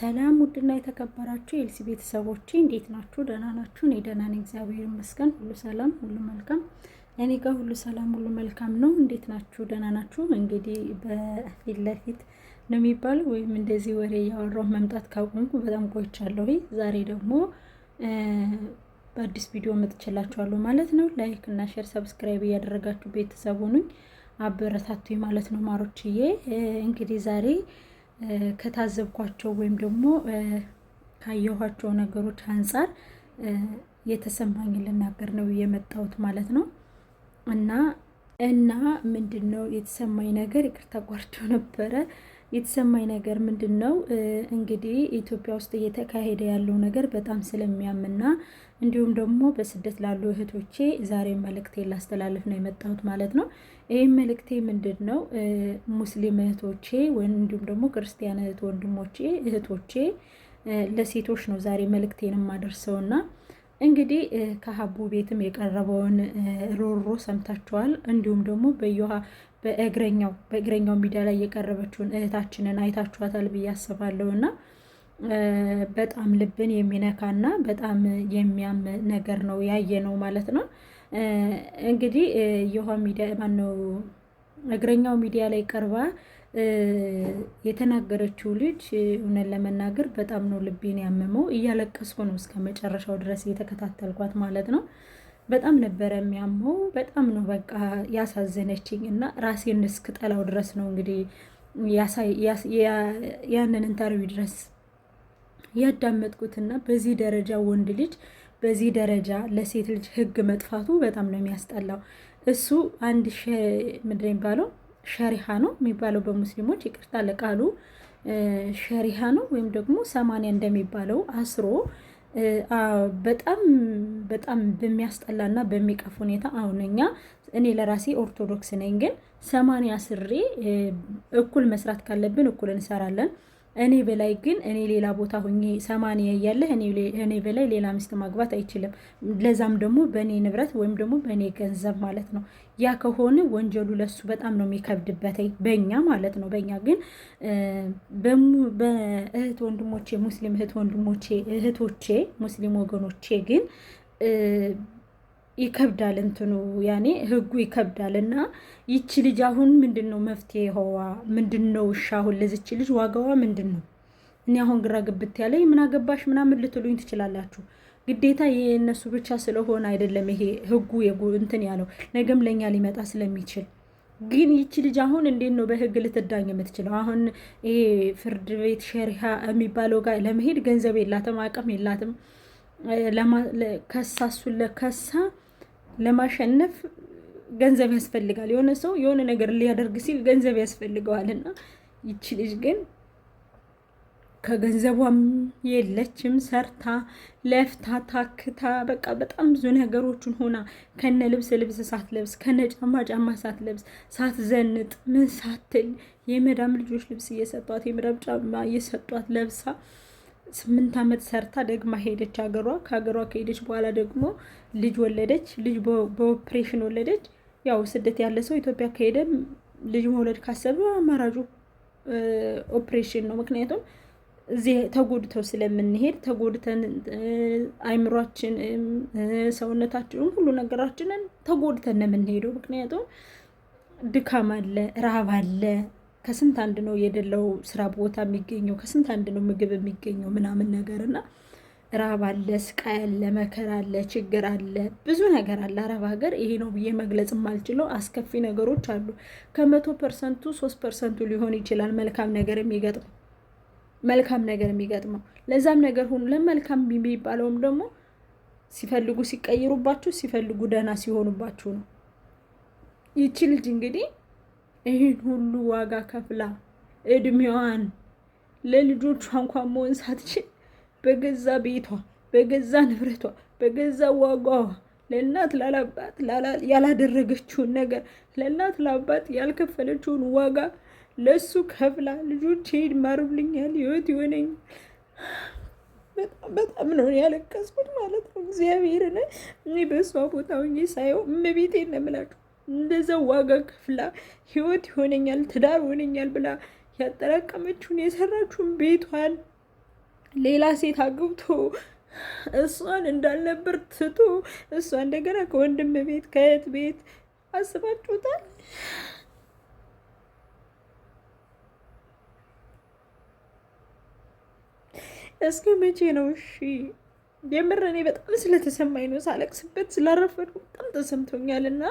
ሰላም ውድና የተከበራችሁ የኤልሲ ቤተሰቦች እንዴት ናችሁ? ደህና ናችሁ? እኔ ደህና ነኝ፣ እግዚአብሔር ይመስገን። ሁሉ ሰላም፣ ሁሉ መልካም። እኔ ጋር ሁሉ ሰላም፣ ሁሉ መልካም ነው። እንዴት ናችሁ? ደህና ናችሁ? እንግዲህ በፊት ለፊት ነው የሚባለው ወይም እንደዚህ ወሬ እያወራሁ መምጣት ካቆምኩ በጣም ቆይቻለሁ። ዛሬ ደግሞ በአዲስ ቪዲዮ መጥቼላችኋለሁ ማለት ነው። ላይክ እና ሼር ሰብስክራይብ እያደረጋችሁ ቤተሰቡ ነኝ አበረታቱኝ ማለት ነው። ማሮችዬ እንግዲህ ዛሬ ከታዘብኳቸው ወይም ደግሞ ካየኋቸው ነገሮች አንጻር የተሰማኝ ልናገር ነው የመጣሁት ማለት ነው። እና እና ምንድን ነው የተሰማኝ ነገር ይቅርታ ነበረ። የተሰማኝ ነገር ምንድን ነው እንግዲህ ኢትዮጵያ ውስጥ እየተካሄደ ያለው ነገር በጣም ስለሚያምና እንዲሁም ደግሞ በስደት ላሉ እህቶቼ ዛሬ መልእክቴ ላስተላልፍ ነው የመጣሁት ማለት ነው። ይህም መልእክቴ ምንድን ነው? ሙስሊም እህቶቼ እንዲሁም ደግሞ ክርስቲያን እህት ወንድሞቼ፣ እህቶቼ ለሴቶች ነው ዛሬ መልእክቴን ና እንግዲህ ከሀቡ ቤትም የቀረበውን ሮሮ ሰምታችኋል። እንዲሁም ደግሞ በየውሃ በእግረኛው በእግረኛው ሚዲያ ላይ የቀረበችውን እህታችንን አይታችኋታል ብዬ አስባለሁ እና በጣም ልብን የሚነካና በጣም የሚያም ነገር ነው ያየ ነው ማለት ነው። እንግዲህ የውሃ ሚዲያ ማነው እግረኛው ሚዲያ ላይ ቀርባ የተናገረችው ልጅ እውነት ለመናገር በጣም ነው ልቤን ያመመው። እያለቀስኩ ነው እስከ መጨረሻው ድረስ እየተከታተልኳት ማለት ነው። በጣም ነበረ የሚያመው። በጣም ነው በቃ ያሳዘነችኝ እና ራሴን እስክጠላው ድረስ ነው እንግዲህ ያንን ኢንተርቪው ድረስ ያዳመጥኩትና በዚህ ደረጃ ወንድ ልጅ በዚህ ደረጃ ለሴት ልጅ ህግ መጥፋቱ በጣም ነው የሚያስጠላው። እሱ አንድ ምድር የሚባለው ሸሪሃ ነው የሚባለው በሙስሊሞች ይቅርታ ለቃሉ ሸሪሃ ነው ወይም ደግሞ ሰማንያ እንደሚባለው አስሮ በጣም በጣም በሚያስጠላ እና በሚቀፍ ሁኔታ አሁን እኛ እኔ ለራሴ ኦርቶዶክስ ነኝ፣ ግን ሰማንያ ስሬ እኩል መስራት ካለብን እኩል እንሰራለን እኔ በላይ ግን እኔ ሌላ ቦታ ሁኜ ሰማንያ እያለህ እኔ በላይ ሌላ ሚስት ማግባት አይችልም። ለዛም ደግሞ በእኔ ንብረት ወይም ደግሞ በእኔ ገንዘብ ማለት ነው። ያ ከሆነ ወንጀሉ ለሱ በጣም ነው የሚከብድበት፣ በእኛ ማለት ነው። በእኛ ግን በእህት ወንድሞቼ ሙስሊም እህት ወንድሞቼ እህቶቼ ሙስሊም ወገኖቼ ግን ይከብዳል እንትኑ ያኔ ህጉ ይከብዳል። እና ይቺ ልጅ አሁን ምንድን ነው መፍትሄዋ? ምንድን ነው እሺ፣ አሁን ለዚች ልጅ ዋጋዋ ምንድን ነው? እኔ አሁን ግራ ግብት ያለ ምን አገባሽ ምናምን ልትሉኝ ትችላላችሁ። ግዴታ የእነሱ ብቻ ስለሆነ አይደለም ይሄ ህጉ እንትን ያለው ነገም ለእኛ ሊመጣ ስለሚችል ግን ይቺ ልጅ አሁን እንዴት ነው በህግ ልትዳኝ የምትችለው? አሁን ይሄ ፍርድ ቤት ሸሪሃ የሚባለው ጋር ለመሄድ ገንዘብ የላትም፣ አቅም የላትም። ከሳ እሱን ለከሳ ለማሸነፍ ገንዘብ ያስፈልጋል። የሆነ ሰው የሆነ ነገር ሊያደርግ ሲል ገንዘብ ያስፈልገዋል እና ይቺ ልጅ ግን ከገንዘቧም የለችም ሰርታ ለፍታ ታክታ በቃ በጣም ብዙ ነገሮችን ሆና ከነ ልብስ ልብስ ሳትለብስ ከነ ጫማ ጫማ ሳትለብስ ሳትዘንጥ ምን ሳትል የመዳም ልጆች ልብስ እየሰጧት የመዳም ጫማ እየሰጧት ለብሳ ስምንት ዓመት ሰርታ ደግማ ሄደች ሀገሯ። ከሀገሯ ከሄደች በኋላ ደግሞ ልጅ ወለደች፣ ልጅ በኦፕሬሽን ወለደች። ያው ስደት ያለ ሰው ኢትዮጵያ ከሄደ ልጅ መውለድ ካሰበ አማራጩ ኦፕሬሽን ነው። ምክንያቱም እዚህ ተጎድተው ስለምንሄድ ተጎድተን አይምሯችን፣ ሰውነታችንን፣ ሁሉ ነገራችንን ተጎድተን ነው የምንሄደው። ምክንያቱም ድካም አለ፣ ረሃብ አለ። ከስንት አንድ ነው የደለው ስራ ቦታ የሚገኘው፣ ከስንት አንድ ነው ምግብ የሚገኘው ምናምን ነገር እና ራብ አለ፣ ስቃይ አለ፣ መከራ አለ፣ ችግር አለ፣ ብዙ ነገር አለ። አረብ ሀገር ይሄ ነው ብዬ መግለጽ የማልችለው አስከፊ ነገሮች አሉ። ከመቶ ፐርሰንቱ ሶስት ፐርሰንቱ ሊሆን ይችላል መልካም ነገር የሚገጥመው መልካም ነገር የሚገጥመው ለዛም ነገር ሁሉ ለመልካም የሚባለውም ደግሞ ሲፈልጉ ሲቀይሩባችሁ፣ ሲፈልጉ ደህና ሲሆኑባችሁ ነው። ይቺ ልጅ እንግዲህ ይህን ሁሉ ዋጋ ከፍላ እድሜዋን ለልጆቿ እንኳን መሆን ሳትችል በገዛ ቤቷ በገዛ ንብረቷ በገዛ ዋጋዋ ለእናት ላላባት ያላደረገችውን ነገር ለእናት ላባት ያልከፈለችውን ዋጋ ለእሱ ከፍላ ልጆች ሄድ ማርብልኛል ህይወት ይሆነኝ በጣም በጣም ነው ያለቀስኩት ማለት ነው። እግዚአብሔር ነ እኔ በእሷ ቦታ ሆኜ ሳየው እመቤቴ ነምላችሁ እንደዛ ዋጋ ከፍላ ህይወት ይሆነኛል ትዳር ይሆነኛል ብላ ያጠራቀመችውን የሰራችውን ቤቷን ሌላ ሴት አግብቶ እሷን እንዳልነበር ትቶ እሷ እንደገና ከወንድም ቤት ከእህት ቤት አስባችሁታል? እስከ መቼ ነው? እሺ የምር እኔ በጣም ስለተሰማኝ ነው፣ ሳለቅስበት ስላረፈድኩ በጣም ተሰምቶኛል እና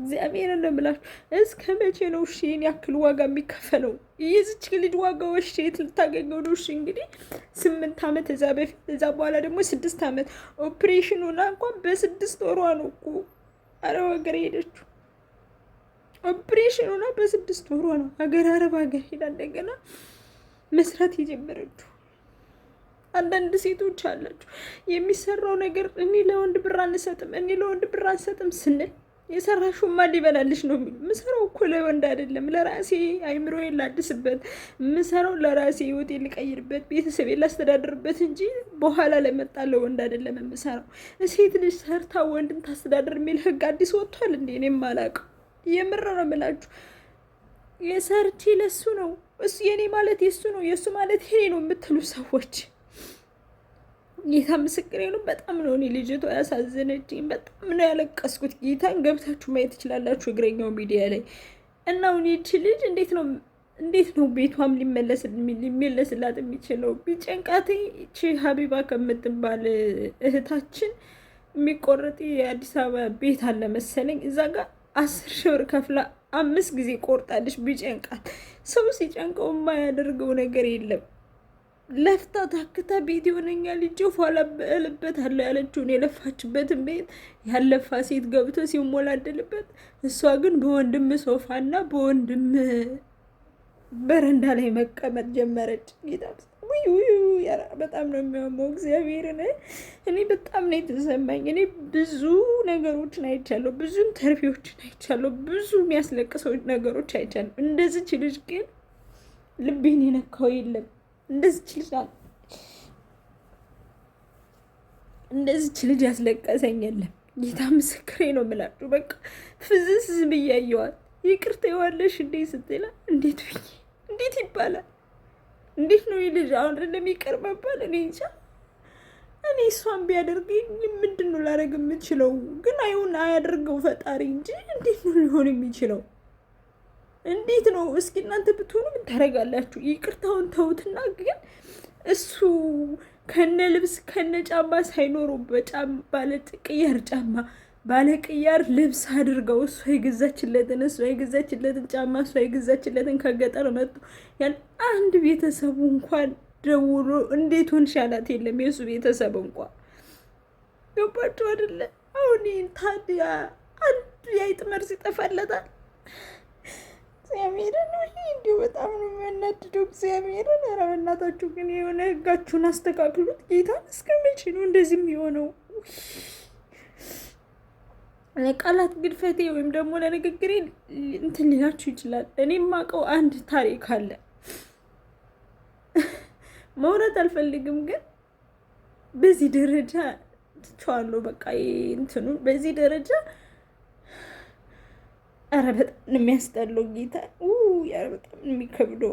እግዚአብሔርን ነው የምላችሁ። እስከ መቼ ነው እሺ ይህን ያክል ዋጋ የሚከፈለው? የዚች ልጅ ዋጋ ወሽ የት ልታገኘው ነው? እሺ እንግዲህ ስምንት ዓመት እዛ በፊት እዛ በኋላ ደግሞ ስድስት ዓመት ኦፕሬሽኑና እንኳን በስድስት ወሯ ነው እኮ አረብ ሀገር ሄደችው። ኦፕሬሽኑና በስድስት ወሯ ነው ሀገር አረብ ሀገር ሄዳ እንደገና መስራት የጀመረችው። አንዳንድ ሴቶች አላችሁ የሚሰራው ነገር እኔ ለወንድ ብር አንሰጥም፣ እኔ ለወንድ ብር አንሰጥም ስንል የሰራሽው ማን ሊበላልሽ ነው ምሰራው እኮ ለወንድ አይደለም፣ ለራሴ አይምሮዬን ላድስበት፣ ምሰራው ለራሴ ህይወቴን ልቀይርበት፣ ቤተሰቤን ላስተዳድርበት እንጂ በኋላ ለመጣ ለወንድ አይደለም የምሰራው። ሴት ልጅ ሰርታ ወንድን ታስተዳድር የሚል ህግ አዲስ ወጥቷል እንዴ? እኔም የማላውቀው የምር ነው የምላችሁ። የሰርቼ ለሱ ነው እሱ የኔ ማለት የሱ ነው የእሱ ማለት ይሄ ነው የምትሉ ሰዎች ጌታ ምስክሬ ነው። በጣም ነው እኔ ልጅቷ ያሳዘነችኝ። በጣም ነው ያለቀስኩት። ጌታን ገብታችሁ ማየት ትችላላችሁ እግረኛው ሚዲያ ላይ እና አሁን ይቺ ልጅ እንዴት ነው እንዴት ነው ቤቷም ሊመለስላት የሚችለው? ቢጨንቃት ይቺ ሀቢባ ከምትባል እህታችን የሚቆረጥ የአዲስ አበባ ቤት አለ መሰለኝ እዛ ጋር አስር ሺህ ብር ከፍላ አምስት ጊዜ ቆርጣለች። ቢጨንቃት ሰው ሲጨንቀው የማያደርገው ነገር የለም። ለፍታ ታክታ ቤት የሆነኛ ልጅ ኋላ በልበት አለ ያለችውን የለፋችበትን ቤት ያለፋ ሴት ገብቶ ሲሞላደልበት፣ እሷ ግን በወንድም ሶፋ ሶፋና በወንድም በረንዳ ላይ መቀመጥ ጀመረች። ጌታ በጣም ነው የሚያመው። እግዚአብሔርን እኔ በጣም ነው የተሰማኝ። እኔ ብዙ ነገሮችን አይቻለሁ፣ ብዙ ኢንተርቪዎችን አይቻለሁ፣ ብዙ የሚያስለቅሰው ነገሮች አይቻለሁ። እንደዚች ልጅ ግን ልቤን የነካው የለም። እንደዚች ልጅ እንደዚች ልጅ ያስለቀሰኝ የለም። ጌታ ምስክሬ ነው የምላችሁ። በቃ ፍዝስ ብያየዋል። ይቅርታ የዋለሽ እንዴ ስትላ እንዴት ብዬ እንዴት ይባላል? እንዴት ነው ልጅ አሁን እንደሚቀር መባል እኔ እንጃ። እኔ እሷን ቢያደርገኝ ምንድን ነው ላደርግ የምችለው? ግን አይሁን አያደርገው ፈጣሪ እንጂ እንዴት ነው ሊሆን የሚችለው? እንዴት ነው? እስኪ እናንተ ብትሆኑ ምን ታደርጋላችሁ? ይቅርታውን ተውትና ግን እሱ ከነ ልብስ ከነ ጫማ ሳይኖሩ ባለ ቅያር ጫማ ባለ ቅያር ልብስ አድርገው እሷ የገዛችለትን እሷ የገዛችለትን ጫማ እሷ የገዛችለትን ከገጠር መጡ። ያን አንድ ቤተሰቡ እንኳን ደውሎ እንዴት ሆንሽ ያላት የለም። የእሱ ቤተሰብ እንኳን ገባችሁ አደለ? አሁን ታዲያ አንድ የአይጥ መርዝ ይጠፋለታል። እግዚአብሔርን ወይ እንዲሁ በጣም ነው የሚያናድደው። እግዚአብሔርን ኧረ በእናታችሁ ግን የሆነ ህጋችሁን አስተካክሉት። ጌታ እስከ መቼ ነው እንደዚህ የሚሆነው? ቃላት ግድፈቴ ወይም ደግሞ ለንግግሬ እንትን ሊላችሁ ይችላል። እኔ አውቀው አንድ ታሪክ አለ። መውረት አልፈልግም፣ ግን በዚህ ደረጃ ትቸዋለሁ። በቃ እንትኑ በዚህ ደረጃ አረ በጣም ነው የሚያስጠላው ጌታ። ያረ በጣም የሚከብደው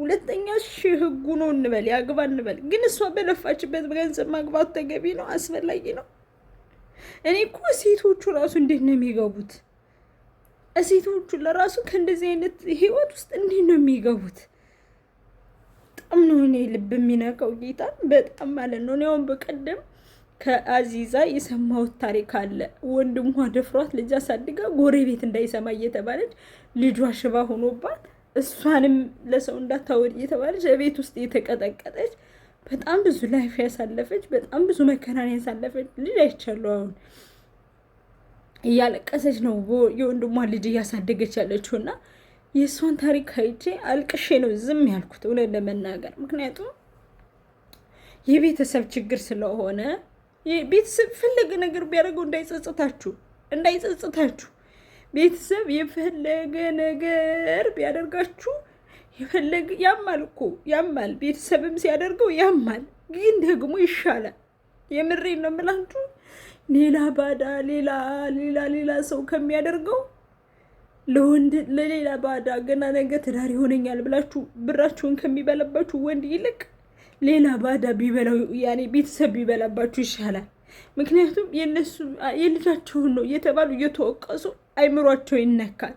ሁለተኛ ሺ ህጉ ነው እንበል ያግባ እንበል፣ ግን እሷ በለፋችበት በገንዘብ ማግባት ተገቢ ነው አስፈላጊ ነው። እኔ እኮ ሴቶቹ ራሱ እንዴት ነው የሚገቡት? ሴቶቹ ለራሱ ከእንደዚህ አይነት ህይወት ውስጥ እንዴት ነው የሚገቡት? በጣም ነው እኔ ልብ የሚነቀው ጌታ፣ በጣም ማለት ነው። እኔ አሁን በቀደም ከአዚዛ የሰማሁት ታሪክ አለ። ወንድሟ ደፍሯት ልጅ አሳድጋ ጎረቤት እንዳይሰማ እየተባለች ልጇ ሽባ ሆኖባት እሷንም ለሰው እንዳታወድ እየተባለች ቤት ውስጥ እየተቀጠቀጠች በጣም ብዙ ላይፍ ያሳለፈች በጣም ብዙ መከራን ያሳለፈች ልጅ አይቻለሁ። አሁን እያለቀሰች ነው የወንድሟ ልጅ እያሳደገች ያለችው እና የእሷን ታሪክ አይቼ አልቅሼ ነው ዝም ያልኩት እውነት ለመናገር ምክንያቱም የቤተሰብ ችግር ስለሆነ ቤተሰብ ፈለገ ነገር ቢያደርገው እንዳይጸጽታችሁ እንዳይጸጽታችሁ ቤተሰብ የፈለገ ነገር ቢያደርጋችሁ የፈለገ ያማል እኮ ያማል። ቤተሰብም ሲያደርገው ያማል፣ ግን ደግሞ ይሻላል። የምሬን ነው የምላችሁ። ሌላ ባዳ ሌላ ሌላ ሌላ ሰው ከሚያደርገው ለወንድ ለሌላ ባዳ ገና ነገ ትዳር ይሆነኛል ብላችሁ ብራችሁን ከሚበለባችሁ ወንድ ይልቅ ሌላ ባዳ ቢበላው ያኔ ቤተሰብ ቢበላባችሁ ይሻላል። ምክንያቱም የነሱ የልጃቸውን ነው እየተባሉ እየተወቀሱ አይምሯቸው ይነካል።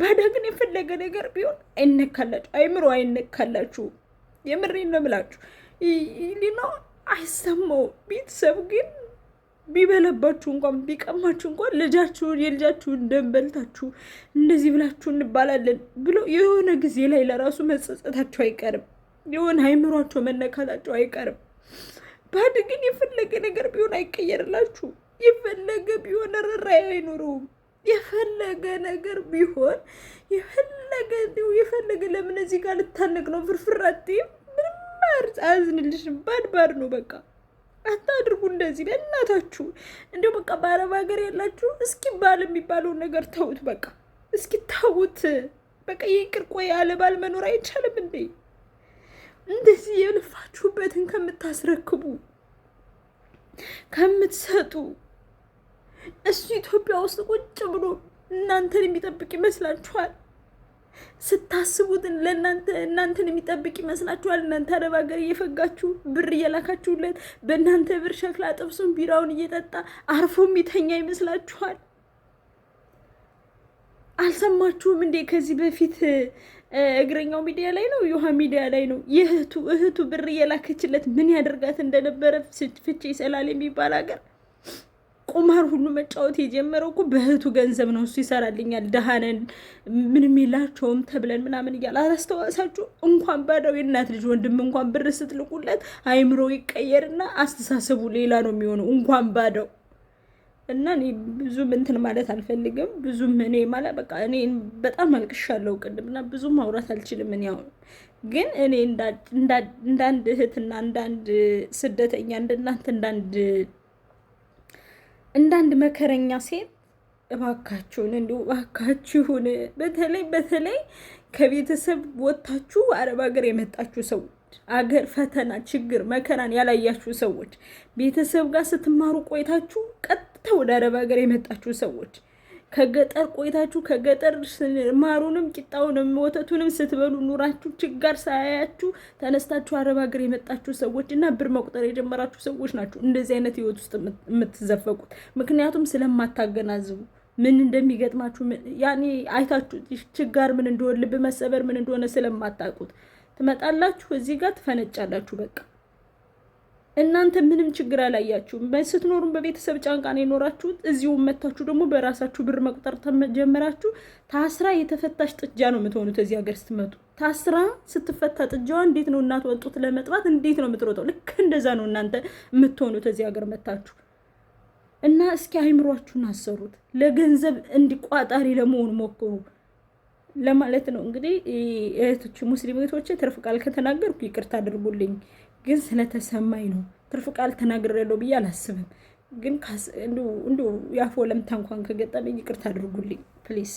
ባዳ ግን የፈለገ ነገር ቢሆን አይነካላችሁ፣ አይምሮ አይነካላችሁ። የምሬን ነው ብላችሁ አይሰማው። ቤተሰብ ግን ቢበላባችሁ እንኳን ቢቀማችሁ እንኳን ልጃችሁን የልጃችሁን ደም በልታችሁ እንደዚህ ብላችሁ እንባላለን ብሎ የሆነ ጊዜ ላይ ለራሱ መጸጸታችሁ አይቀርም። የሆነ አይምሯቸው መነካታቸው አይቀርም። ባድ ግን የፈለገ ነገር ቢሆን አይቀየርላችሁ። የፈለገ ቢሆን ርራይ አይኖረውም። የፈለገ ነገር ቢሆን የፈለገ የፈለገ ለምን እዚህ ጋር ልታነቅ ነው ፍርፍራቴ ምንም አያዝንልሽም። ባድ ባድ ነው በቃ አታድርጉ እንደዚህ በእናታችሁ። እንዲሁ በቃ በአረብ ሀገር ያላችሁ እስኪ ባል የሚባለውን ነገር ተውት። በቃ እስኪ ታውት በቃ ይቅር። ቆይ ያለ ባል መኖር አይቻልም እንዴ? እንደዚህ የለፋችሁበትን ከምታስረክቡ ከምትሰጡ እሱ ኢትዮጵያ ውስጥ ቁጭ ብሎ እናንተን የሚጠብቅ ይመስላችኋል? ስታስቡትን ለእናንተ እናንተን የሚጠብቅ ይመስላችኋል? እናንተ አረብ ሀገር እየፈጋችሁ ብር እየላካችሁለት በእናንተ ብር ሸክላ ጥብሱን ቢራውን እየጠጣ አርፎ የሚተኛ ይመስላችኋል? አልሰማችሁም እንዴ? ከዚህ በፊት እግረኛው ሚዲያ ላይ ነው፣ የውሃ ሚዲያ ላይ ነው። የእህቱ እህቱ ብር እየላከችለት ምን ያደርጋት እንደነበረ ፍቼ ይሰላል የሚባል ሀገር ቁማር ሁሉ መጫወት የጀመረው እኮ በእህቱ ገንዘብ ነው። እሱ ይሰራልኛል፣ ደሃነን ምንም የላቸውም ተብለን ምናምን እያለ አላስተዋሳችሁ። እንኳን ባዳው የእናት ልጅ ወንድም እንኳን ብር ስትልቁለት አይምሮ ይቀየርና አስተሳሰቡ ሌላ ነው የሚሆነው። እንኳን ባዳው እና እኔ ብዙም እንትን ማለት አልፈልግም። ብዙም እኔ ማለት በቃ እኔ በጣም አልቅሻለሁ ቅድም እና ብዙ ማውራት አልችልም። እኔ አሁን ግን እኔ እንዳንድ እህትና እንዳንድ ስደተኛ እንደናንተ እንዳንድ እንዳንድ መከረኛ ሴት እባካችሁን እንዲሁ እባካችሁን በተለይ በተለይ ከቤተሰብ ወጥታችሁ አረብ ሀገር የመጣችሁ ሰው አገር ፈተና፣ ችግር፣ መከራን ያላያችሁ ሰዎች ቤተሰብ ጋር ስትማሩ ቆይታችሁ ቀጥ በርካታ ወደ አረብ ሀገር የመጣችሁ ሰዎች ከገጠር ቆይታችሁ ከገጠር ማሩንም ቂጣውንም ወተቱንም ስትበሉ ኑራችሁ ችጋር ሳያያችሁ ተነስታችሁ አረብ ሀገር የመጣችሁ ሰዎች እና ብር መቁጠር የጀመራችሁ ሰዎች ናችሁ እንደዚህ አይነት ህይወት ውስጥ የምትዘፈቁት። ምክንያቱም ስለማታገናዝቡ ምን እንደሚገጥማችሁ ያኔ አይታችሁ ችጋር ምን እንደሆነ ልብ መሰበር ምን እንደሆነ ስለማታውቁት ትመጣላችሁ፣ እዚህ ጋር ትፈነጫላችሁ በቃ እናንተ ምንም ችግር አላያችሁም። ስትኖሩም በቤተሰብ ነው የኖራችሁት እዚሁም መታችሁ ደግሞ በራሳችሁ ብር መቁጠር ተጀመራችሁ። ታስራ የተፈታሽ ጥጃ ነው የምትሆኑት እዚህ ሀገር ስትመጡ። ታስራ ስትፈታ ጥጃዋ እንዴት ነው እናት ወጡት ለመጥባት እንዴት ነው የምትሮጠው? ልክ እንደዛ ነው እናንተ የምትሆኑት እዚህ ሀገር መታችሁ እና እስኪ አይምሯችሁን አሰሩት። ለገንዘብ እንዲቋጣሪ ለመሆን ሞክሩ ለማለት ነው እንግዲህ እህቶች ሙስሊም እህቶቼ ትርፍ ቃል ከተናገርኩ ይቅርታ አድርጉልኝ። ግን ስለተሰማኝ ነው። ትርፍ ቃል ተናግሬያለሁ ብዬ አላስብም። ግን እንዲሁ ያፎ ለምታ እንኳን ከገጠመኝ ይቅርታ አድርጉልኝ ፕሊስ።